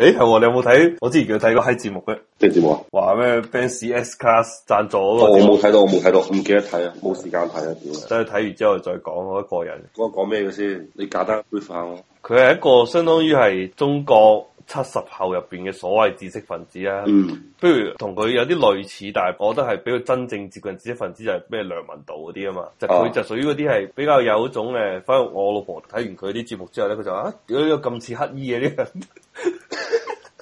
誒，係喎、欸，你有冇睇？我之前叫佢睇麼個閪節目嘅。咩節目啊？話咩？fans class 贊助咯。我冇睇到，我冇睇到，唔記得睇啊，冇時間睇啊。真係睇完之後再講，我一個人。嗰個講咩嘅先？你簡單概括佢係一個相當於係中國七十後入邊嘅所謂知識分子啊。嗯。不如同佢有啲類似，但係我覺得係比較真正接近知識分子就係咩梁文道嗰啲啊嘛。就佢就屬於嗰啲係比較有一種誒，反正我老婆睇完佢啲節目之後咧，佢就啊，點解咁似乞衣嘅、啊、呢？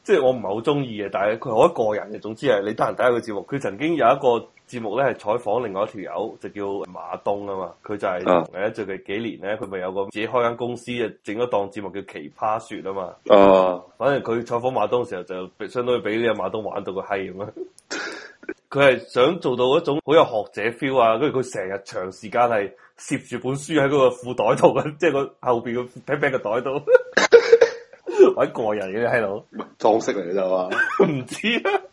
即係我唔係好中意嘅，但係佢好個人嘅。總之係你得閒睇下個節目。佢曾經有一個節目咧，係採訪另外一條友，就叫馬東啊嘛。佢就係、是、喺、啊、最近幾年咧，佢咪有個自己開間公司啊，整一檔節目叫《奇葩說》啊嘛。哦、啊，反正佢採訪馬東嘅時候，就相當於俾呢個馬東玩到個閪咁樣。佢 係 想做到一種好有學者 feel 啊，跟住佢成日長時間係攝住本書喺嗰個褲袋度，即係個後邊嘅扁扁嘅袋度。 我一個人嘅，喺度裝飾嚟嘅啫嘛，唔 知道。啊，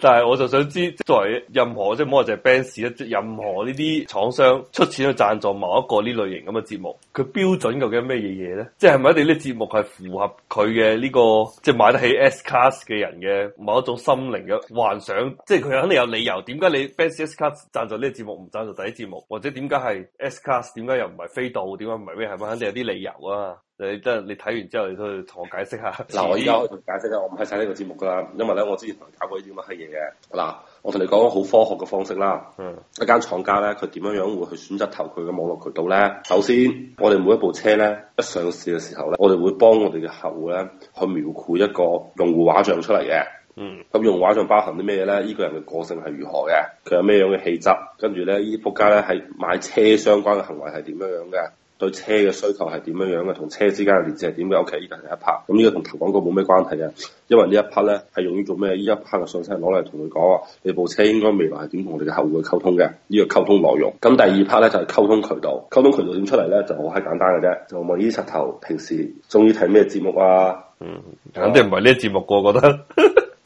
但係我就想知，作為任何即係唔好話就係 Benz 啦，任何呢啲廠商出錢去讚助某一個呢類型咁嘅節目，佢標準究竟係咩嘢嘢咧？即係唔係一定呢節目係符合佢嘅呢個即係買得起 S class 嘅人嘅某一種心靈嘅幻想，即係佢肯定有理由。點解你 Benz S class 讚助呢個節目，唔讚助第一節目，或者點解係 S class 點解又唔係飛度？點解唔係咩？係咪肯定有啲理由啊？你真係你睇完之後，你去同我解釋下。嗱，我依家去解釋啦，我唔係睇呢個節目噶啦，因為咧，我之前同你搞過呢啲咁嘅嘢嘅。嗱，我同你講好科學嘅方式啦。嗯，一間廠家咧，佢點樣樣會去選擇投佢嘅網絡渠道咧？首先，我哋每一部車咧，一上市嘅時候咧，我哋會幫我哋嘅客戶咧，去描繪一個用戶畫像出嚟嘅。嗯，咁用戶畫像包含啲咩嘢咧？呢個人嘅個性係如何嘅？佢有咩樣嘅氣質？跟住咧，呢啲仆街咧，係買車相關嘅行為係點樣樣嘅？對車嘅需求係點樣樣嘅，同車之間嘅連接係點樣嘅？我企呢度係第一 part，咁呢個同投廣告冇咩關係嘅，因為一呢一 part 咧係用於做咩？呢一 part 嘅信息攞嚟同佢講話，你部車應該未來係點同我哋嘅客戶溝通嘅？呢、這個溝通內容。咁第二 part 咧就係、是、溝通渠道，溝通渠道點出嚟咧就好閪簡單嘅啫。就問呢柒頭平時中意睇咩節目啊？嗯，肯定唔係呢啲節目個，我覺得。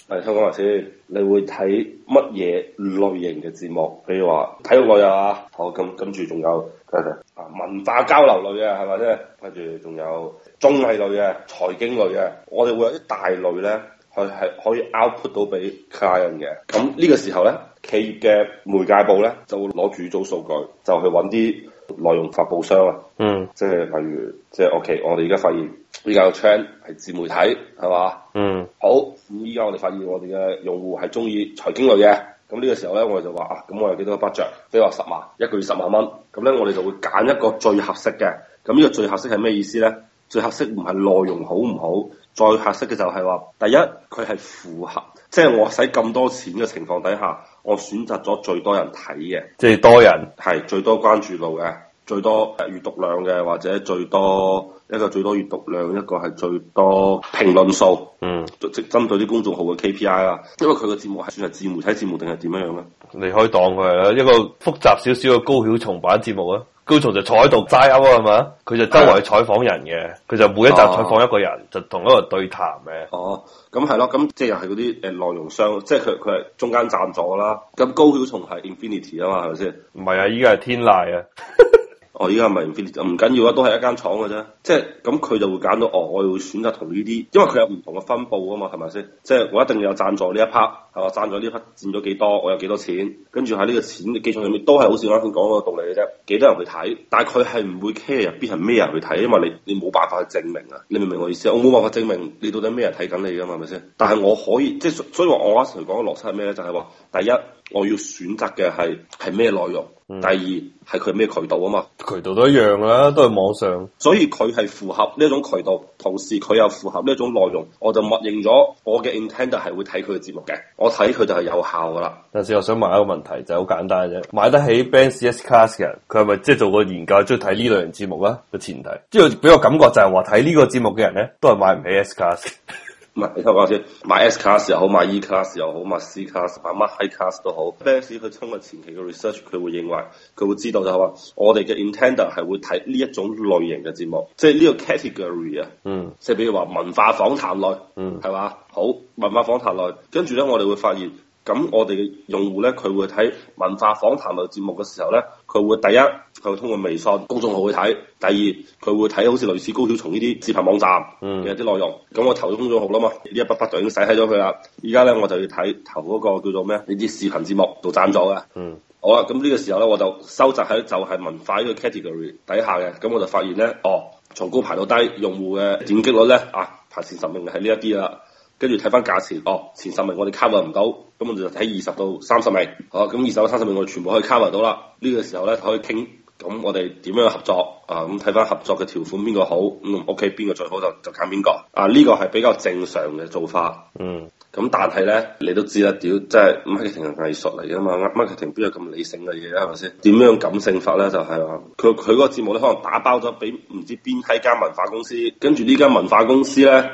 係收工先，你會睇乜嘢類型嘅節目？譬如話體育類啊？好，咁跟住仲有，謝謝文化交流類嘅係咪咧？跟住仲有綜藝類嘅、財經類嘅，我哋會有啲大類咧，去係可以 output 到俾 client 嘅。咁呢個時候咧，企業嘅媒介部咧就會攞住組數據，就去揾啲內容發佈商啊。嗯，即係例如，即係 OK，我哋而家發現而家嘅 trend 係自媒體，係嘛？嗯。好，咁而家我哋發現我哋嘅用戶係中意財經類嘅。咁呢個時候呢，我哋就話啊，咁、嗯、我有幾多筆帳，比如話十萬一個月十萬蚊，咁呢，我哋就會揀一個最合適嘅。咁呢個最合適係咩意思呢？最合適唔係內容好唔好，最合適嘅就係話，第一佢係符合，即係我使咁多錢嘅情況底下，我選擇咗最多人睇嘅，即係多人係最多關注度嘅。最多閱讀量嘅，或者最多一個最多閱讀量，一個係最多評論數。嗯，就即針對啲公眾號嘅 K P I 啦。因為佢個節目係算係自媒體節目定係點樣樣咧？你可以當佢係啦，嗯、一個複雜少少嘅高曉松版節目啊。高曉松就坐喺度齋噏係嘛，佢、就是、就周圍採訪人嘅，佢是、啊、就每一集採訪一個人，啊、就同一個對談嘅。哦、啊，咁係咯，咁即係又係嗰啲誒內容商，即係佢佢係中間站咗啦。咁高曉松係 Infinity 啊嘛，係咪先？唔係啊，依家係天籟啊。 哦，依家唔係唔緊要啊，都係一間廠嘅啫。即係咁，佢就會揀到，哦，我會選擇同呢啲，因為佢有唔同嘅分布啊嘛，係咪先？即係我一定要有贊助呢一 part。係嘛，賺咗呢筆佔咗幾多我有幾多錢，跟住喺呢個錢嘅基礎上面都係好似我啱先講嗰個道理嘅啫。幾多人去睇？但係佢係唔會 care 入邊係咩人去睇，因為你你冇辦法去證明啊。你明唔明我意思？我冇辦法證明你到底咩人睇緊你噶嘛？係咪先？但係我可以，即係所以話我啱先講嘅邏輯係咩咧？就係、是、話，第一我要選擇嘅係係咩內容，嗯、第二係佢咩渠道啊嘛？渠道都一樣啦，都係網上。所以佢係符合呢一種渠道，同時佢又符合呢一種內容，我就默認咗我嘅 intended 係會睇佢嘅節目嘅。我睇佢就係有效噶啦，但是我想問一個問題，就係、是、好簡單嘅啫，買得起 Benz S Class 嘅人，佢係咪即係做過研究，中意睇呢類型節目啊？個前提，即係俾我感覺就係話睇呢個節目嘅人咧，都係買唔起 S Class。 你聽我講先，買 S class 又好，買 E class 又好，買 C class，買乜 High class 都好。fans 佢通過前期嘅 research，佢會認為，佢會知道就係話，我哋嘅 intender 係會睇呢一種類型嘅節目，即係呢個 category 啊。嗯。即係比如話文化訪談類。嗯。係嘛？好文化訪談類，跟住咧我哋會發現。咁我哋嘅用戶咧，佢會睇文化訪談類節目嘅時候咧，佢會第一，佢會通過微信公眾號去睇；第二，佢會睇好似類似高曉松呢啲視頻網站嘅啲內容。咁、嗯、我投咗公眾號啦嘛，呢一筆筆就已經使喺咗佢啦。依家咧我就要睇投嗰個叫做咩？呢啲視頻節目度讚咗嘅。嗯、好啦，咁呢個時候咧，我就收集喺就係文化呢個 category 底下嘅。咁我就發現咧，哦，從高排到低，用戶嘅點擊率咧啊，排前十名嘅係呢一啲啦。跟住睇翻價錢，哦，前十名我哋 cover 唔到，咁我哋就睇二十到三十名，好，咁二十到三十名我哋全部可以 cover 到啦。呢個時候咧，可以傾，咁我哋點樣合作啊？咁睇翻合作嘅條款邊個好，咁 OK 邊個最好就就揀邊個。啊，呢個係比較正常嘅做法。嗯。咁但係咧，你都知啦，屌即係 marketing 藝術嚟㗎嘛，marketing 邊有咁理性嘅嘢啊？係咪先？點樣感性法咧？就係話佢佢嗰個節目咧，可能打包咗俾唔知邊係間文化公司，跟住呢間文化公司咧。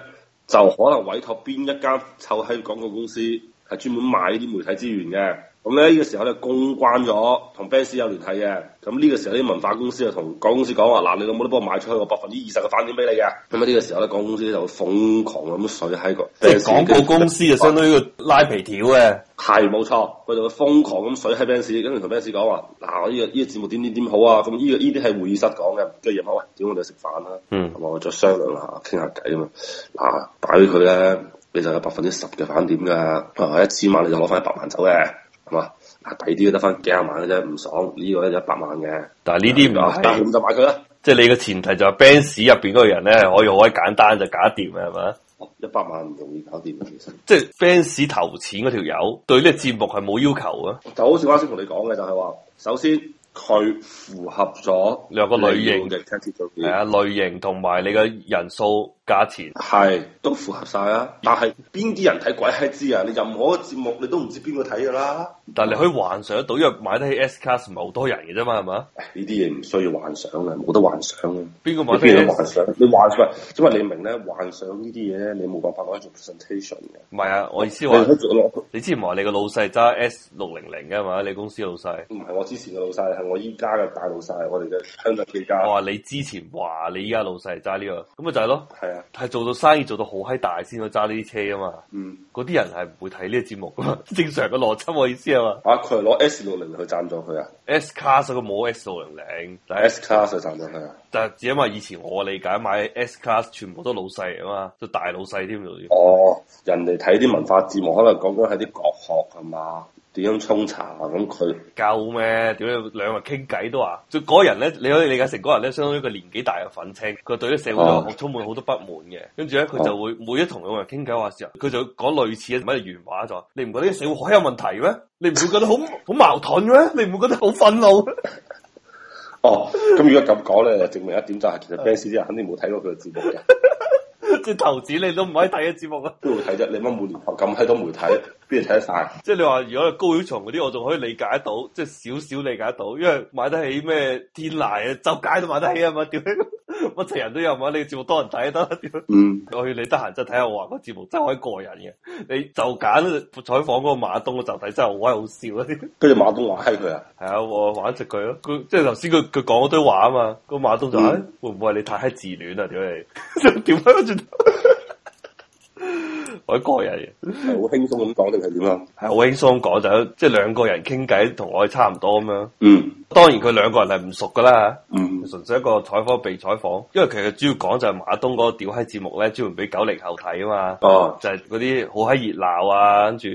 就可能委託邊一間臭閪廣告公司，係專門賣呢啲媒體資源嘅。咁咧呢個時候咧，公關咗同 fans 有聯繫嘅。咁、這、呢個時候啲文化公司就同廣告公司講話：，嗱、啊，你有冇得幫我買出去個百分之二十嘅返點俾你嘅？咁啊呢個時候咧，廣告公司就瘋狂咁水喺個，即係廣告公司就相當於拉皮條嘅。係冇錯，佢就會瘋狂咁水喺 fans 跟住同 fans 講話：，嗱、啊，呢、這個呢、這個節目點點點好啊！咁、這、呢個呢啲係會議室講嘅，跟住又話啊！喂、哎，點我哋食飯啦？嗯，我再商量下，傾下偈啊嘛。嗱，擺俾佢咧，你就有百分之十嘅返點㗎。啊，一千萬你就攞翻一百萬走嘅。係嘛？嗱，第二啲得翻幾廿萬嘅啫，唔爽呢、這個咧一百萬嘅。但係呢啲唔係，咁、哎、就買佢啦。即係你嘅前提就係 fans 入邊嗰個人咧，可以好鬼簡單就搞得掂嘅係咪？一百萬唔容易搞掂嘅，其實。即係 fans 投錢嗰條友，對呢個節目係冇要求嘅。就好似我啱先同你講嘅，就係話，首先。佢符合咗你有個類型，係啊類型同埋你嘅人數價錢係都符合晒啊！但係邊啲人睇鬼閪知啊？你任何一個節目你都唔知邊個睇㗎啦。但係你可以幻想得到，因為買得起 S-Class 唔係好多人嘅啫嘛，係嘛？呢啲嘢唔需要幻想嘅，冇得幻想嘅。邊個買得幻想？你幻想，因為你明咧幻想呢啲嘢咧，你冇辦法講做 presentation 嘅。唔係啊，我意思話你，你之前話你個老細揸 S 六零零嘅係嘛？你公司老細唔係我之前嘅老細。我依家嘅大老細，我哋嘅香港地家。我話，哦，你之前話你依家老細揸呢個？咁咪就係咯。係啊，係做到生意做到好閪大先去揸呢啲車啊嘛。嗯，嗰啲人係唔會睇呢個節目啊嘛。 正常嘅邏輯，我意思係嘛？啊，佢係攞 S 六零嚟去贊助佢啊？S Class 佢冇 S 六零零，class, 600, 但係 S Class 贊助佢啊。但係只因為以前我理解買 S Class 全部都老細啊嘛，都大老細添哦，人哋睇啲文化節目，可能講緊係啲國學係嘛？點樣沖茶啊？咁佢夠咩？點樣兩日傾偈都話，就嗰人咧，你可以理解成嗰人咧，相當於一個年紀大嘅憤青，佢對於社會都好充滿好多不滿嘅。啊、跟住咧，佢就會每一同兩個人傾偈話時，佢就會講類似嘅乜嘢原話咗。你唔覺得啲社會好有問題咩？你唔會覺得好好 矛盾咩？你唔會覺得好憤怒？ 哦，咁如果咁講咧，證明一點就係、是，其實 fans 啲人肯定冇睇過佢嘅節目嘅。 即係投資， 你都唔可以睇嘅節目啊！都會睇啫，你乜每年頭咁喺多媒體，邊度睇得曬？ 即係你話，如果高曉松嗰啲，我仲可以理解得到，即係少少理解得到，因為買得起咩天壇啊、周街都買得起啊嘛，屌 我成人都有嘛？你節目多人睇得啦？嗯， 去看看我去你得閒就睇下我話個節目真係好過癮嘅。你就揀採訪嗰個馬東，我就睇真係好鬼好笑啊！跟住馬東玩閪佢啊，係啊、 嗯，我玩食佢咯。佢即係頭先佢佢講嗰堆話啊嘛，個馬東就、嗯哎：會唔會係你太閪自戀啊？屌你！點解要自？ 我一個人，係好輕鬆咁講定係點啊？係好輕鬆講就即係兩個人傾偈，同我差唔多咁樣。嗯，當然佢兩個人係唔熟噶啦。嗯，純粹一個採訪被採訪，因為其實主要講就係馬東嗰個屌閪節目咧，專門俾九零後睇啊嘛。哦，就係嗰啲好閪熱鬧啊，跟住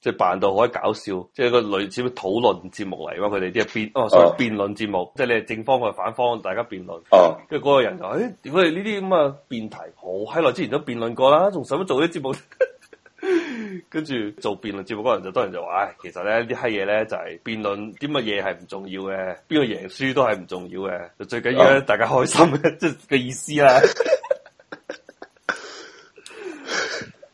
即係扮到好閪搞笑，即係個類似討論節目嚟嘛佢哋啲係辯哦，啊、所以辯論節目，即係你係正方佢係反方，大家辯論。哦、啊，跟住嗰個人就誒，我哋呢啲咁啊辯題好閪耐之前都辯論過啦，仲使乜做啲節目。跟住做辯論節目嗰人，就多人就話，唉，其實咧啲閪嘢咧就係辯論，啲乜嘢係唔重要嘅，邊個贏輸都係唔重要嘅，就最緊要咧大家開心嘅，即係嘅意思啦。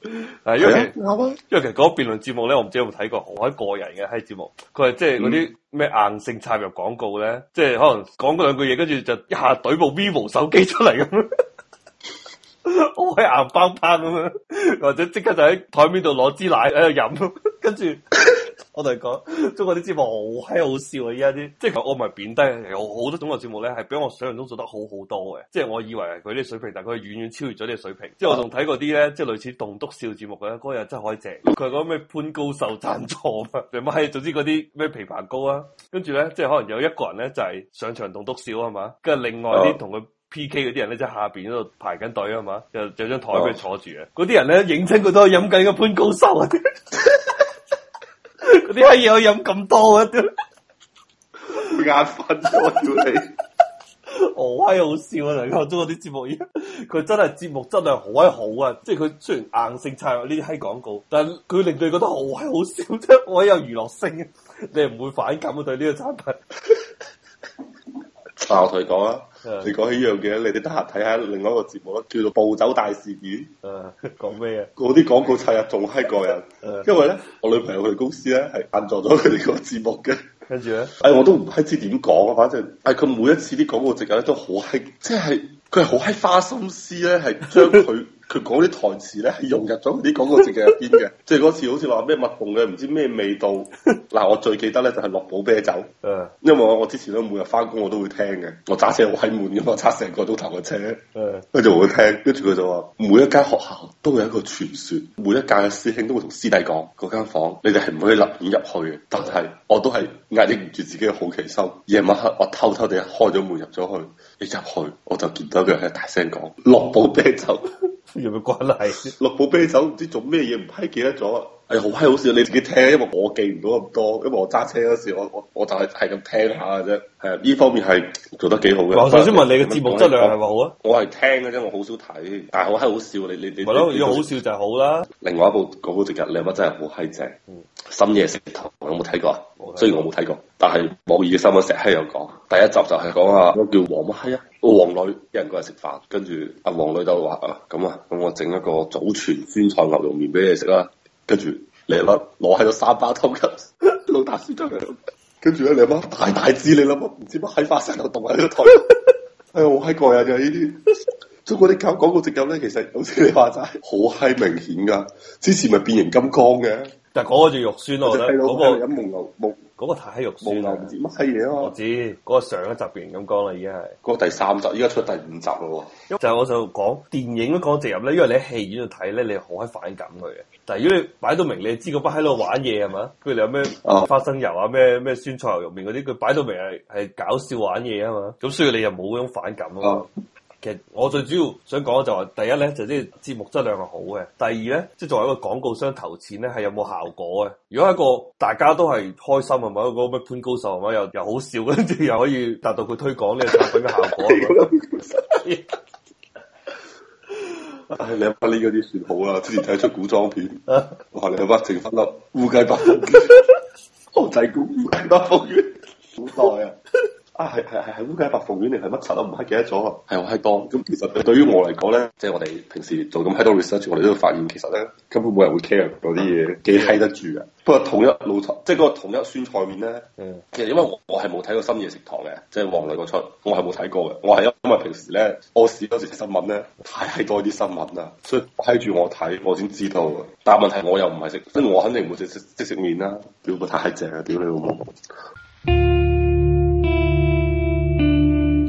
因為 Yeah. 因為其實因為其實嗰個辯論節目咧，我唔知有冇睇過，好鬼過人嘅閪節目，佢係即係嗰啲咩硬性插入廣告咧，即係可能講嗰兩句嘢，跟住就一下懟部 vivo 手機出嚟咁。 我喺硬邦邦咁樣，或者即刻就喺台面度攞支奶喺度飲咯。 跟住我同你講，中國啲節目好閪好笑啊！依家啲即係我唔係貶低，有好多綜藝節目咧係比我想象中做得好好多嘅。即係我以為佢啲水平，但係佢係遠遠超越咗啲水平。即係我仲睇嗰啲咧，即係類似棟篤笑節目嘅嗰日真係可以正。佢係講咩潘高壽贊助啊？唔係，總之嗰啲咩枇杷膏啊，跟住咧，即係可能有一個人咧就係上場棟篤笑係嘛，跟住另外啲同佢。P. K. 嗰啲人咧即係，下邊喺度排緊隊啊嘛，有張台畀佢坐住啊，嗰啲人咧影親佢都係飲緊個潘高壽啊，嗰啲閪嘢飲咁多啊，眼瞓咗屌你，我閪好笑啊！嚟講中國啲節目，佢真係節目質量好閪好啊，即係佢雖然硬性插入呢啲閪廣告，但係佢令到你覺得好閪好笑即啫，我、啊啊、有娛樂性，你唔會反感我、啊、對呢個產品。 啊、我同你講啦，你講起呢樣嘢，你哋得閒睇下另外一個節目啦，叫做《暴走大事件》。誒，講咩啊？嗰啲廣告策劃仲嗨過人，啊、因為咧 我女朋友佢哋公司咧係贊助咗佢哋個節目嘅。跟住咧，誒、哎，我都唔知點講，反正，誒，佢每一次啲廣告植入咧都好嗨，即係佢係好嗨花心思咧，係將佢。佢講啲台詞咧，係融入咗啲廣告詞入邊嘅。即係嗰次好似話咩蜜餡嘅唔知咩味道嗱， 我最記得咧就係、是、樂寶啤酒。嗯， 因為我我之前都每日翻工我都會聽嘅。我揸車我喺門咁，我揸成個鐘頭嘅車。嗯， 我就會聽。跟住佢就話，每一間學校都有一個傳説，每一屆嘅師兄都會同師弟講嗰間房，你哋係唔可以立亂入去嘅。但係我都係壓抑唔住自己嘅好奇心，夜晚黑我偷偷地開咗門入咗去。一入去我就，去我就見到佢喺大聲講樂寶啤酒。 有冇關係、啊？六部啤酒唔知做咩嘢，唔批，記得咗。係好閪好笑，你自己聽，因為我記唔到咁多，因為我揸車嗰時，我我我就係係咁聽下啫。係啊，呢方面係做得幾好嘅。我頭先問你嘅節目質量係咪好啊？我係聽嘅啫，我好少睇，但係好閪好笑，你你你。係咯，如果好笑就好啦。另外一部《古古情》梁伯真係好閪正，嗯、深夜食堂有冇睇過？雖然我冇睇過，但係網易嘅新聞成閪又講，第一集就係講啊，我叫黃閪啊，我黃磊一人過嚟食飯，跟住阿黃磊就話啊，咁啊，咁我整一個祖傳酸菜牛肉麵俾你食啦，跟住、啊、你阿媽攞喺度三包湯汁，老大師真係，跟住咧你阿媽大大支你諗下，唔知乜閪花生日凍喺個台。 哎呀好閪怪啊！就係呢啲，中國啲搞廣告植入咧，其實好似你話齋，好閪明顯噶，之前咪變形金剛嘅，但係講嗰肉酸我飲蒙牛嗰個太肉唔知乜嘢酸，我知。嗰、嗰個上一集嘅人咁講啦，已經係。嗰個第三集，依家出第五集啦喎。就我就講電影都講植入咧，因為你喺戲院度睇咧，你好閪反感佢嘅。但係如果你擺到明，你知個不喺度玩嘢係嘛？佢哋有咩花生油啊、咩咩酸菜牛肉麵嗰啲，佢擺到明係係搞笑玩嘢啊嘛。咁所以你又冇嗰種反感咯。啊其實我最主要想講嘅就係，第一咧就即係節目質量係好嘅，第二咧即係作為一個廣告商投錢咧係有冇效果嘅。如果一個大家都係開心係咪？一個咩潘高手係咪？又又好笑，跟住又可以達到佢推廣呢個產品嘅效果。唉，兩百呢嗰啲算好啦，之前睇出古裝片，哇，兩百成分粒烏雞白，皇 帝古裝片啊，啊，係係係烏雞白鳳丸定係乜柒啊？唔閪記得咗啊！係好閪多咁，其實對於我嚟講咧，即係我哋平時做咁閪多 research，我哋都會發現其實咧根本冇人會 care 到啲嘢，幾閪、嗯、得住啊！不過統一老壇，即係嗰個統一酸菜麵咧，嗯、其實因為我我係冇睇過深夜食堂嘅，即係黃磊個出，我係冇睇過嘅。我係因為平時咧，我睇嗰時新聞咧太多啲新聞啦，所以閪住我睇，我先知道。但係問題我又唔係食，即係我肯定唔會食即食麵啦，屌佢太正啊！屌你老母。